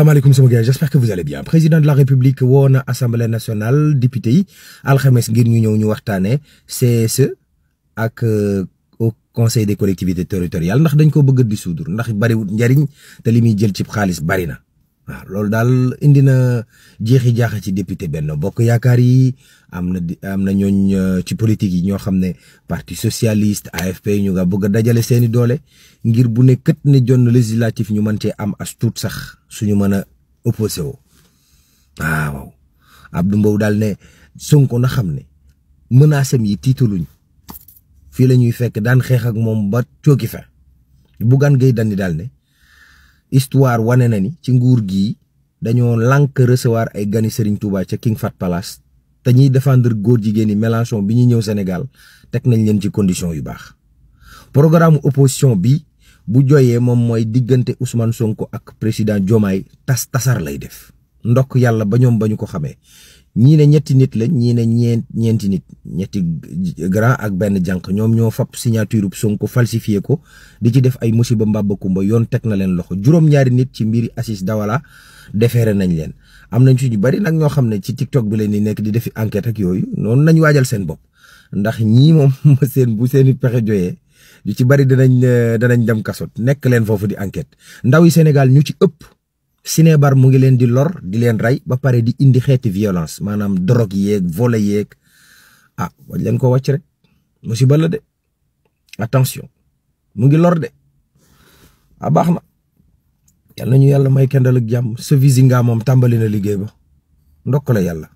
salaamaaleykum sama gars j'espère que vous allez bien président de la république woo na assemblée nationale député yi alxames ngir ñu ñëw ñu waxtaanee CSE ak euh, au conseil des collectivités territoriales ndax dañ ko bëgg di dissoudre ndax bariwul njariñ te li jël ci xaalis bari na. waaw loolu daal indi na jeexi jaaxa ci député benn bokk yaakaar yi am na am na ñooñ euh, ci politique yi ñoo xam ne parti socialiste AFP ñu nga bëgg a dajale seeni doole ngir bu ne kët ne jonn législatif ñu mën cee am as sax su ñu mën a opposé woo waaw Mbow daal ne Sonko na xam ne menaces yi tiitaluñ fii la ñuy fekk daan xeex ak moom ba cooki fa Bougane Gueye Dany daal ne. histoire wane na ni ci nguur gi dañoo lànk recevoir ay gani Serigne Touba ca King Fat Palace te ñiy défendre góor jigéen yi Mélenchon bi ñuy ñëw Sénégal teg nañ leen ci condition yu baax programme opposition bi bu joyee moom mooy diggante Ousmane Sonko ak président Diomaye tas tasar lay def ndokk yàlla ba ñoom ba ñu ko xamee ñii ne ñetti nit la ñii ne ñeent ñeenti nit ñetti grand ak benn jànq ñoom ñoo fab signature Sonko falsifié ko di ci def ay musiba mbàbba kumba yoon teg na leen loxo juróom-ñaari nit ci mbiri Aziz Dabala defeere nañ leen am nañ ci ñu bari nag ñoo xam ne ci TikTok bi leen di nekk di defi enquête ak yooyu noonu nañ waajal seen bopp ndax ñii moom seen bu seeni pexe joyee ñu ci bari danañ danañ dem kasot nekk leen foofu di enquête ndaw yi Sénégal ñu ci ëpp Sinébar mu ngi leen di lor di leen rey ba pare di indi xeeti violence maanaam drogue yeeg volet yeeg ah wañ leen ko wàcc rek musiba la de attention mu ngi lor de a ah, baax na yàlla ñu yàlla may kendal ak jàmm service yi nga moom tàmbali na liggéey ba ndokkale yàlla